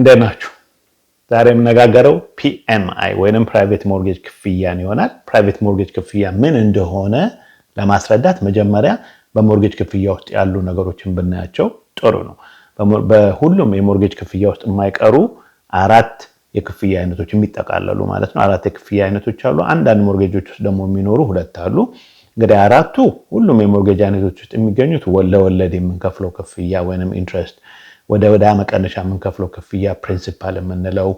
እንዴት ናችሁ? ዛሬ የምነጋገረው ፒኤምአይ ወይንም ፕራይቬት ሞርጌጅ ክፍያን ይሆናል። ፕራይቬት ሞርጌጅ ክፍያ ምን እንደሆነ ለማስረዳት መጀመሪያ በሞርጌጅ ክፍያ ውስጥ ያሉ ነገሮችን ብናያቸው ጥሩ ነው። በሁሉም የሞርጌጅ ክፍያ ውስጥ የማይቀሩ አራት የክፍያ አይነቶች የሚጠቃለሉ ማለት ነው። አራት የክፍያ አይነቶች አሉ። አንዳንድ ሞርጌጆች ውስጥ ደግሞ የሚኖሩ ሁለት አሉ። እንግዲህ አራቱ ሁሉም የሞርጌጅ አይነቶች ውስጥ የሚገኙት ለወለድ የምንከፍለው ክፍያ ወይም ኢንትረስት ወደ ዕዳ መቀነሻ የምንከፍለው ክፍያ ፕሪንሲፓል የምንለው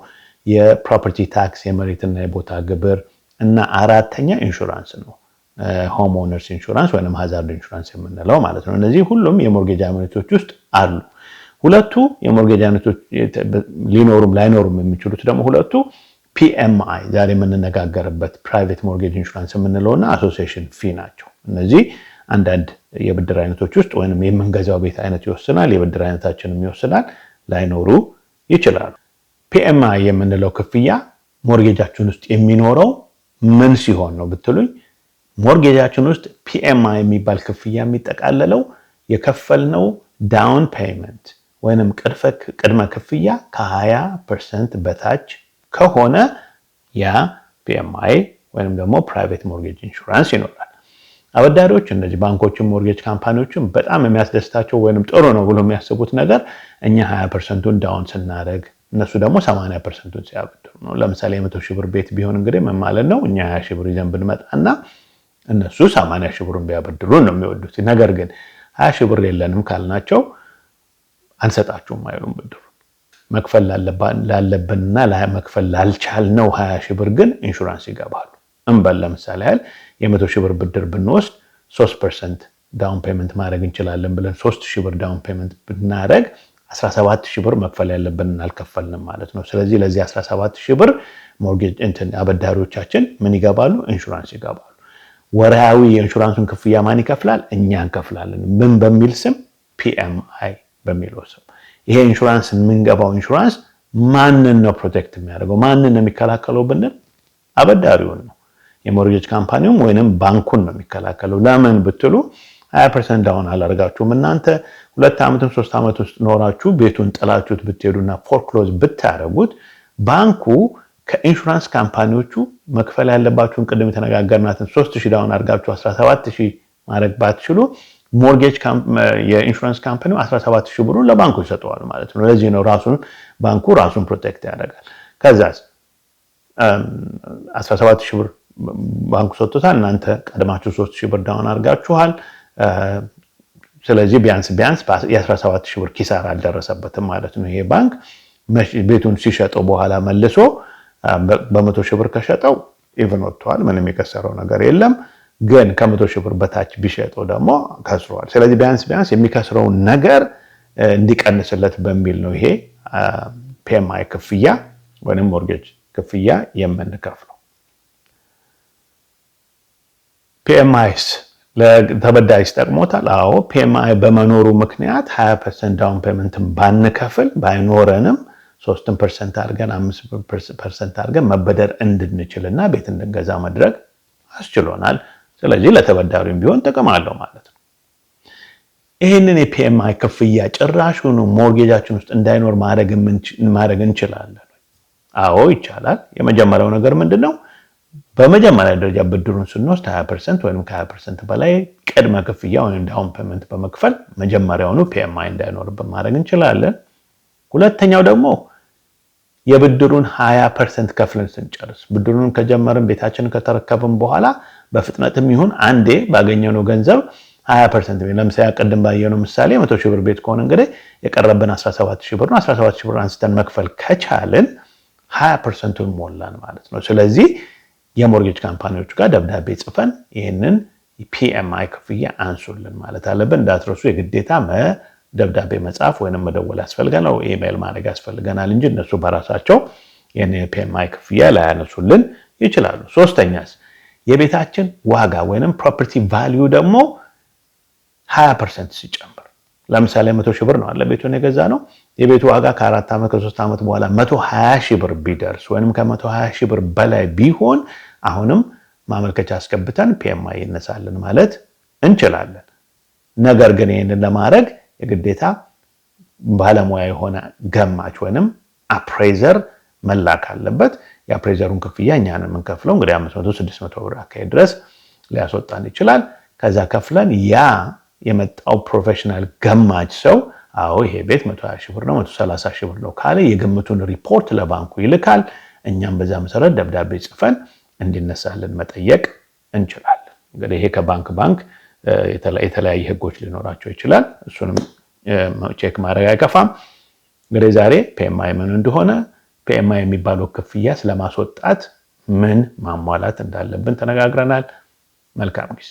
የፕሮፐርቲ ታክስ የመሬትና የቦታ ግብር እና አራተኛ ኢንሹራንስ ነው። ሆም ኦነርስ ኢንሹራንስ ወይም ሀዛርድ ኢንሹራንስ የምንለው ማለት ነው። እነዚህ ሁሉም የሞርጌጅ አይነቶች ውስጥ አሉ። ሁለቱ የሞርጌጅ አይነቶች ሊኖሩም ላይኖሩም የሚችሉት ደግሞ ሁለቱ ፒኤምአይ ዛሬ የምንነጋገርበት ፕራይቬት ሞርጌጅ ኢንሹራንስ የምንለውና አሶሲሽን ፊ ናቸው። እነዚህ አንዳንድ የብድር አይነቶች ውስጥ ወይም የምንገዛው ቤት አይነት ይወስናል፣ የብድር አይነታችንም ይወስናል ላይኖሩ ይችላሉ። ፒኤምአይ የምንለው ክፍያ ሞርጌጃችን ውስጥ የሚኖረው ምን ሲሆን ነው ብትሉኝ፣ ሞርጌጃችን ውስጥ ፒኤምአይ የሚባል ክፍያ የሚጠቃለለው የከፈልነው ዳውን ፔይመንት ወይንም ቅድመ ክፍያ ከ20 ፐርሰንት በታች ከሆነ ያ ፒኤምአይ ወይንም ደግሞ ፕራይቬት ሞርጌጅ ኢንሹራንስ ይኖራል። አበዳሪዎች እነዚህ ባንኮችን ሞርጌጅ ካምፓኒዎችን በጣም የሚያስደስታቸው ወይም ጥሩ ነው ብሎ የሚያስቡት ነገር እኛ ሀያ ፐርሰንቱን ዳውን ስናደርግ እነሱ ደግሞ ሰማንያ ፐርሰንቱን ሲያበድሩ ነው። ለምሳሌ የመቶ ሺህ ብር ቤት ቢሆን እንግዲህ ምን ማለት ነው? እኛ ሀያ ሺህ ብር ይዘን ብንመጣና እነሱ ሰማንያ ሺህ ብሩን ቢያበድሩን ነው የሚወዱት። ነገር ግን ሀያ ሺህ ብር የለንም ካልናቸው አንሰጣችሁም አይሉም ብድሩ መክፈል ላለብንና መክፈል ላልቻልነው ሀያ ሺህ ብር ግን ኢንሹራንስ ይገባሉ። እንበል ለምሳሌ ያህል የመቶ ሺህ ብር ብድር ብንወስድ ሶስት ፐርሰንት ዳውን ፔመንት ማድረግ እንችላለን ብለን ሶስት ሺህ ብር ዳውን ፔመንት ብናደረግ 17 ሺህ ብር መክፈል ያለብን አልከፈልንም ማለት ነው። ስለዚህ ለዚህ 17 ሺህ ብር ሞርጌጅ እንትን አበዳሪዎቻችን ምን ይገባሉ? ኢንሹራንስ ይገባሉ። ወርሃዊ የኢንሹራንሱን ክፍያ ማን ይከፍላል? እኛ እንከፍላለን። ምን በሚል ስም? ፒኤምአይ በሚለው ስም። ይሄ ኢንሹራንስ የምንገባው ኢንሹራንስ ማንን ነው ፕሮቴክት የሚያደርገው? ማንን ነው የሚከላከለው ብንል አበዳሪውን ነው። የሞርጌጅ ካምፓኒውም ወይንም ባንኩን ነው የሚከላከለው። ለምን ብትሉ ሀያ ፐርሰንት ዳውን አላደርጋችሁም እናንተ ሁለት ዓመትም ሶስት ዓመት ውስጥ ኖራችሁ ቤቱን ጥላችሁት ብትሄዱና ፎርክሎዝ ብታደርጉት ባንኩ ከኢንሹራንስ ካምፓኒዎቹ መክፈል ያለባችሁን ቅድም የተነጋገርናትን ሶስት ሺህ ዳውን አድርጋችሁ 17 ሺህ ማድረግ ባትችሉ ሞርጌጅ የኢንሹራንስ ካምፓኒ 17 ሺህ ብሩን ለባንኩ ይሰጠዋል ማለት ነው። ለዚህ ነው ራሱን ባንኩ ራሱን ፕሮቴክት ያደርጋል። ከዛ 17 ሺህ ብር ባንኩ ሰጥቶታል። እናንተ ቀድማችሁ ሶስት ሺህ ብር ዳውን አድርጋችኋል። ስለዚህ ቢያንስ ቢያንስ የ17 ሺህ ብር ኪሳራ አልደረሰበትም ማለት ነው። ይሄ ባንክ ቤቱን ሲሸጠው በኋላ መልሶ በመቶ ሺህ ብር ከሸጠው ኢቨን ወጥተዋል። ምንም የከሰረው ነገር የለም። ግን ከመቶ ሺህ ብር በታች ቢሸጠው ደግሞ ከስሯል። ስለዚህ ቢያንስ ቢያንስ የሚከስረውን ነገር እንዲቀንስለት በሚል ነው ይሄ ፒኤምአይ ክፍያ ወይም ሞርጌጅ ክፍያ የምንከፍል ፒኤምአይስ ለተበዳሪስ ጠቅሞታል? አዎ ፒኤምአይ በመኖሩ ምክንያት 20 ፐርሰንት ዳውን ፔመንትን ባንከፍል ባይኖረንም ሶስትን ፐርሰንት አድርገን አምስት ፐርሰንት አድርገን መበደር እንድንችል እና ቤት እንድንገዛ መድረግ አስችሎናል። ስለዚህ ለተበዳሪም ቢሆን ጥቅም አለው ማለት ነው። ይህንን የፒኤምአይ ክፍያ ጭራሹኑ ሞርጌጃችን ውስጥ እንዳይኖር ማድረግ እንችላለን? አዎ ይቻላል። የመጀመሪያው ነገር ምንድን ነው? በመጀመሪያ ደረጃ ብድሩን ስንወስድ 20 ፐርሰንት ወይም ከ20 ፐርሰንት በላይ ቅድመ ክፍያ ወይም ዳውን ፔመንት በመክፈል መጀመሪያውኑ ፒኤምአይ እንዳይኖርብን ማድረግ እንችላለን። ሁለተኛው ደግሞ የብድሩን 20 ፐርሰንት ከፍለን ስንጨርስ ብድሩን ከጀመርን ቤታችንን ከተረከብን በኋላ በፍጥነትም ይሁን አንዴ ባገኘነው ገንዘብ 20 ፐርሰንት ለምሳሌ ቅድም ባየነው ምሳሌ 100 ሺህ ብር ቤት ከሆነ እንግዲህ የቀረብን 17 ሺህ ብር 17 ሺህ ብር አንስተን መክፈል ከቻልን 20 ፐርሰንቱን ሞላን ማለት ነው። ስለዚህ የሞርጌጅ ካምፓኒዎቹ ጋር ደብዳቤ ጽፈን ይህንን ፒኤምአይ ክፍያ አንሱልን ማለት አለብን። እንዳትረሱ የግዴታ ደብዳቤ መጻፍ ወይም መደወል ያስፈልገናል፣ ኢሜይል ማድረግ ያስፈልገናል እንጂ እነሱ በራሳቸው ይህን የፒኤምአይ ክፍያ ላያነሱልን ይችላሉ። ሶስተኛስ የቤታችን ዋጋ ወይንም ፕሮፐርቲ ቫሊዩ ደግሞ 20 ፐርሰንት ሲጨምር ለምሳሌ መቶ ሺህ ብር ነው አለ ቤቱን የገዛ ነው። የቤቱ ዋጋ ከአራት ዓመት ከሶስት ዓመት በኋላ መቶ ሀያ ሺህ ብር ቢደርስ ወይም ከመቶ ሀያ ሺህ ብር በላይ ቢሆን አሁንም ማመልከቻ አስገብተን ፒኤምአይ ይነሳልን ማለት እንችላለን። ነገር ግን ይህንን ለማድረግ የግዴታ ባለሙያ የሆነ ገማች ወይም አፕሬዘር መላክ አለበት። የአፕሬዘሩን ክፍያ እኛ የምንከፍለው። እንግዲህ 500 600 ብር አካሄድ ድረስ ሊያስወጣን ይችላል። ከዛ ከፍለን ያ የመጣው ፕሮፌሽናል ገማች ሰው አዎ ይሄ ቤት 120 ሺህ ብር ነው፣ 130 ሺህ ብር ነው ካለ የግምቱን ሪፖርት ለባንኩ ይልካል። እኛም በዛ መሰረት ደብዳቤ ጽፈን እንዲነሳልን መጠየቅ እንችላለን። እንግዲህ ይሄ ከባንክ ባንክ የተለያየ ህጎች ሊኖራቸው ይችላል። እሱንም ቼክ ማድረግ አይከፋም። እንግዲህ ዛሬ ፒኤምአይ ምን እንደሆነ ፒኤምአይ የሚባለው ክፍያ ስለማስወጣት ምን ማሟላት እንዳለብን ተነጋግረናል። መልካም ጊዜ